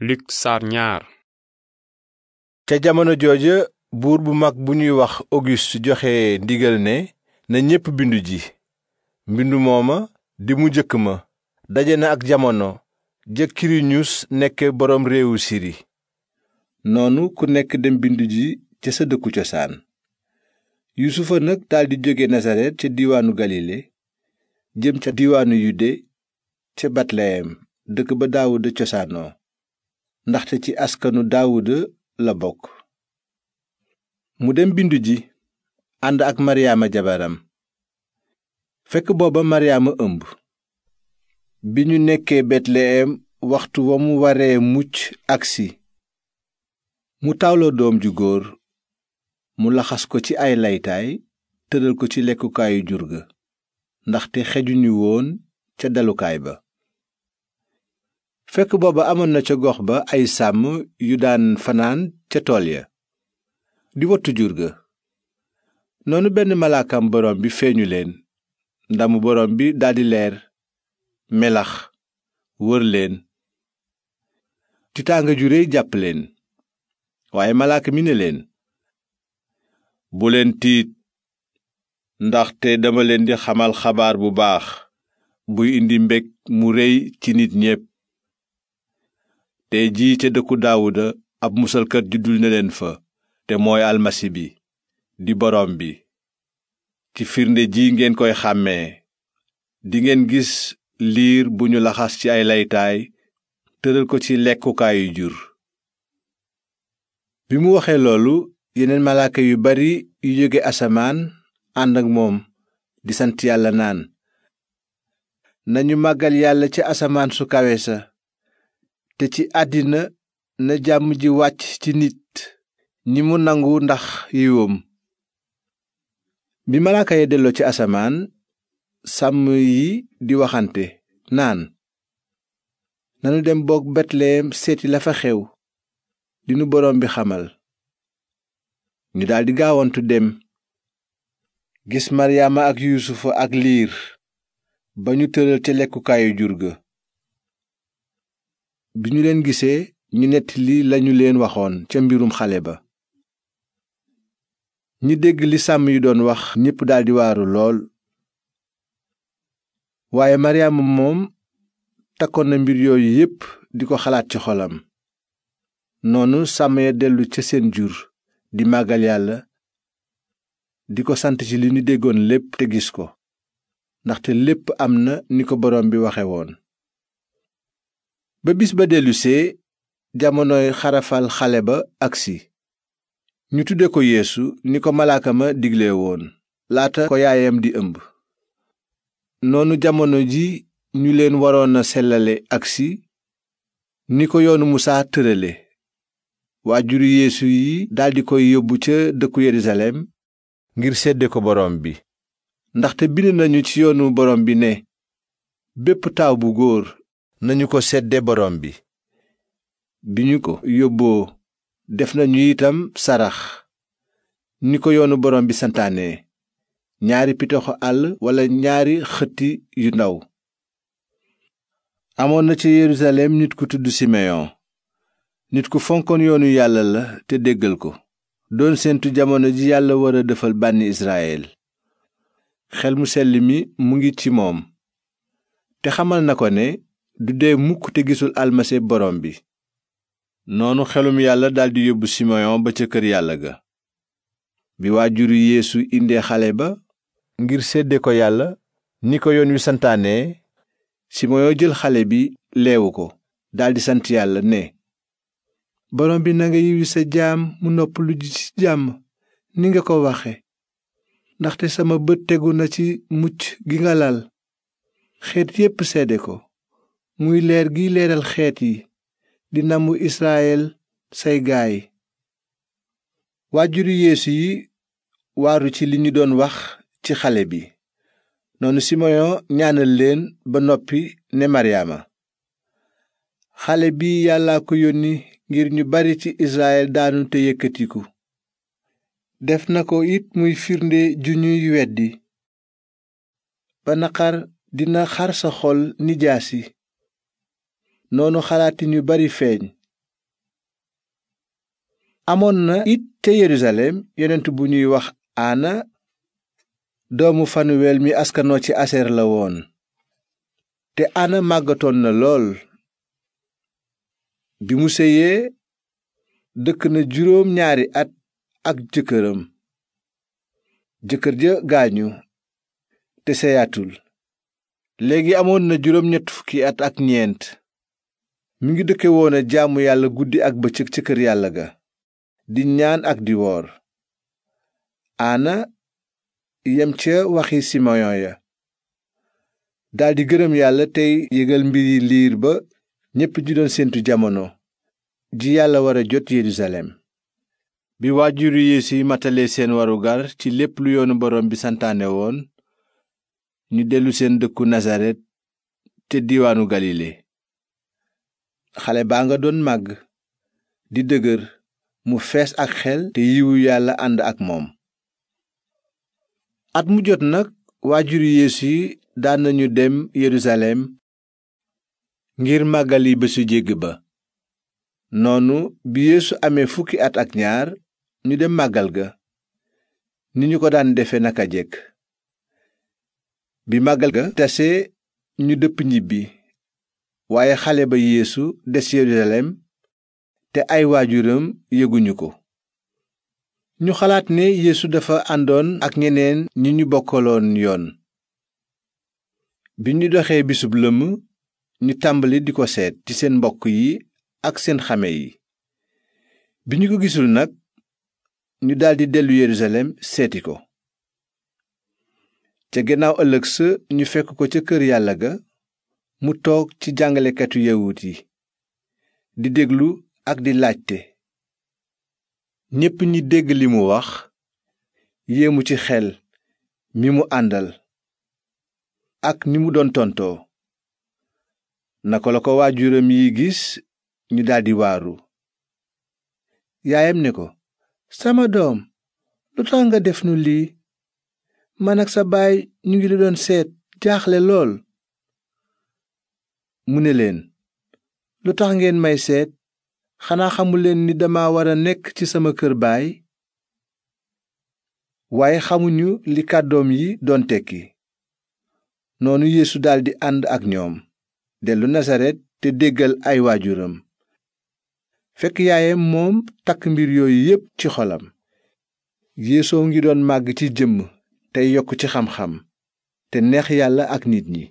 Luk saar ca jamono jooja buur bu mag bu ñuy wax Auguste joxe ndigal ne na ñépp bindu ji mbindu mooma di mu jëkk ma daje na ak jamono ja Kiriñus nekk boroom réewu Siri noonu ku nekk dem bindu ca sa dëkku cosaan Yuusufa nag daldi jóge Nasaret ca diiwaanu Galile jëm ca diiwaanu Yude ca Betleyem dëkk ba Daawuda cosaanoo ndaxte ci askanu daawuda la bokk mu dem bindu ji ànd ak maryaama jabaram fekk booba maryaama ëmb bi ñu nekkee betleyem waxtu wa mu waree mucc agsi mu tawloo doom ju góor mu laxas ko ci ay laytaay tëral ko ci lekkukaayu jur ga ndaxte xejuñu woon ca dalukaay ba fekk booba amoon na ca gox ba ay sàmm yu daan fanaan ca tool ya di wattu jur ga noonu benn malaakam borom bi feeñu leen ndamu borom bi daldi leer melax wërleen leen tiitaanga ju réy jàpp leen waaye malaaka mi ne leen bu leen tiit ndaxte dama leen di xamal xabaar bu baax buy indi mbég mu réy ci nit ñépp tey jii ca dëkku daawuda ab musalkat juddul na leen fa te mooy almasi bi di boroom bi ci firnde ji ngeen koy xàmmee dingeen gis liir bu ñu laxas ci ay laytaay tëral ko ci lekkukaayu jur bi mu waxee loolu yeneen malaaka yu bari yu jóge asamaan ànd ak moom di sant yàlla naan nañu màggal yàlla ca asamaan su kawe te ci àddina na jàmm ji wàcc ci nit ñi mu nangu ndax yiwoom bi malaaka ya delloo ci asamaan sàmm yi di waxante naan nanu dem boog betlehem seeti la fa xew li nu boroom bi xamal ñu daldi gaawantu dem gis maryaama ak yuusufa ak liir ba ñu tëral ca lekkukaayu jur ga bi ñu leen gisee ñu nettali lañu leen waxoon ca mbirum xale ba ñi dégg li sàmm yi doon wax ñépp daldi waaru lool waaye maryaama moom takkoon na mbir yooyu yépp di ko xalaat ci xolam noonu sàmm ya dellu ca seen jur di màggal yàlla di ko sant ci li ñu déggoon lépp te gis ko ndaxte lépp am na ni ko borom bi waxe woon ba bis ba dellusee jamonoy xarafal xale ba agsi ñu tudde ko yeesu ni ko malaaka ma digle woon laata ko yaayam di ëmb noonu jamono ji ñu leen waroon a sellale agsi ni ko yoonu musaa tërale waajuru yéesu yi daldi koy yóbbu ca dëkku yerusalem ngir sedde ko borom bi ndaxte bind nañu ci yoonu borom bi ne bépp taaw bu góor nañu ko sedde borom bi bi ñu ko yóbboo def nañu itam sarax ni ko yoonu borom bi santaane ñaari pitoxo àll walla ñaari xëtti yu ndaw amoon na ca yerusalem nit ku tudd simeyon nit ku fonkoon yoonu yàlla la te déggal ko doon séentu jamono ji yàlla war a defal bànni israel xel mu sell mi mu ngi ci moom te xamal na ko ne du dee mukk te gisul almase borom bi noonu xelum yàlla daldi yóbbu simeyon ba ca kër yàlla ga bi waajuru yéesu indee xale ba ngir sédde ko yàlla ni ko yoon wi santaane simeyon jël xale bi leewu ko daldi sant yàlla ne borom bi nanga yiwi sa jaam mu noppalu ji ci jàmm ni nga ko waxe ndaxte sama bët tegu na ci mucc gi nga lal xeet yépp seede ko muy leer gi leeral xeet yi di namu israyel say gaay waajuru yeesu yi waaru ci li ñu doon wax ci xale bi noonu simoyon ñaanal leen ba noppi ne maryaama xale bi yàlla ko yónni ngir ñu bari ci israyel daanu te yëkkatiku def na ko it muy firnde ju ñuy weddi xar sa xol ni noonu xalaatin ñu bari feeñ amoon na it te yerusalem yonent bu ñuy wax ana doomu fanuwel mi askanoo ci aseer la woon te ana màggatoon na lool bi mu seyee dëkk na juróom ñaari at ak jëkkëram jëkkër ja gaañu te seyatul léegi amoon na juróom ñett fukki at ak ñeent mi ngi dëkke woon a jaamu yàlla guddi ak bëccëg ca kër yàlla ga di ñaan ak di woor aana yem ca waxi simoyon ya daldi gërëm yàlla tey yëgal mbiri liir ba ñépp di doon séentu jamono ji yàlla war a jot yerusalem bi waajuru yeesu yi matalee seen warugar ci lépp lu yoonu boroom bi santaane woon ñu dellu seen dëkku nasaret te diiwaanu galile xale baa nga doon màgg di dëgër mu fees ak xel te yiwu yàlla ànd ak moom at mu jot nag waajuri yeesu yi daan nañu dem yerusalem ngir màggali bésu jégg ba noonu bi yeesu amee fukki at ak ñaar ñu dem màggal ga ni ñu ko daan defe naka jekk bi màggal ga tase ñu dëpp ñibbi waaye xale ba yeesu des yerusalem te ay waajuram yëguñu ko ñu xalaat ne yéesu dafa àndoon ak ñeneen ñi ñu bokkaloon yoon bi ñu doxee bisub lëmm ñu tàmbali di ko seet ci seen mbokk yi ak seen xame yi bi ñu ko gisul nag ñu daldi dellu yerusalem seeti ko ca gannaaw ëllëg sa ñu fekk ko ca kër yàlla ga mu toog ci jàngalekatu yawut yi di déglu ak di laajte ñépp ñi dégg li mu wax yéemu ci xel mi mu àndal ak ni mu doon tontoo naka la ko waajuram yi gis ñu daldi waaru yaayam ni ko sama doom lu tax nga def nu lii man ak sa baay ñu ngi la doon seet jaaxle lool mu ne leen lu tax ngeen may seet xanaa xamuleen ni dama war a nekk ci sama kër baay waaye xamuñu li kàddoom yi doon tekki noonu yéesu daldi ànd ak ñoom dellu nasaret te déggal ay waajuram fekk yaayam moom takk mbir yooyu yépp ci xolam yéesoo ngi doon màgg ci jëmm tey yokk ci xam-xam te neex yàlla ak nit ñi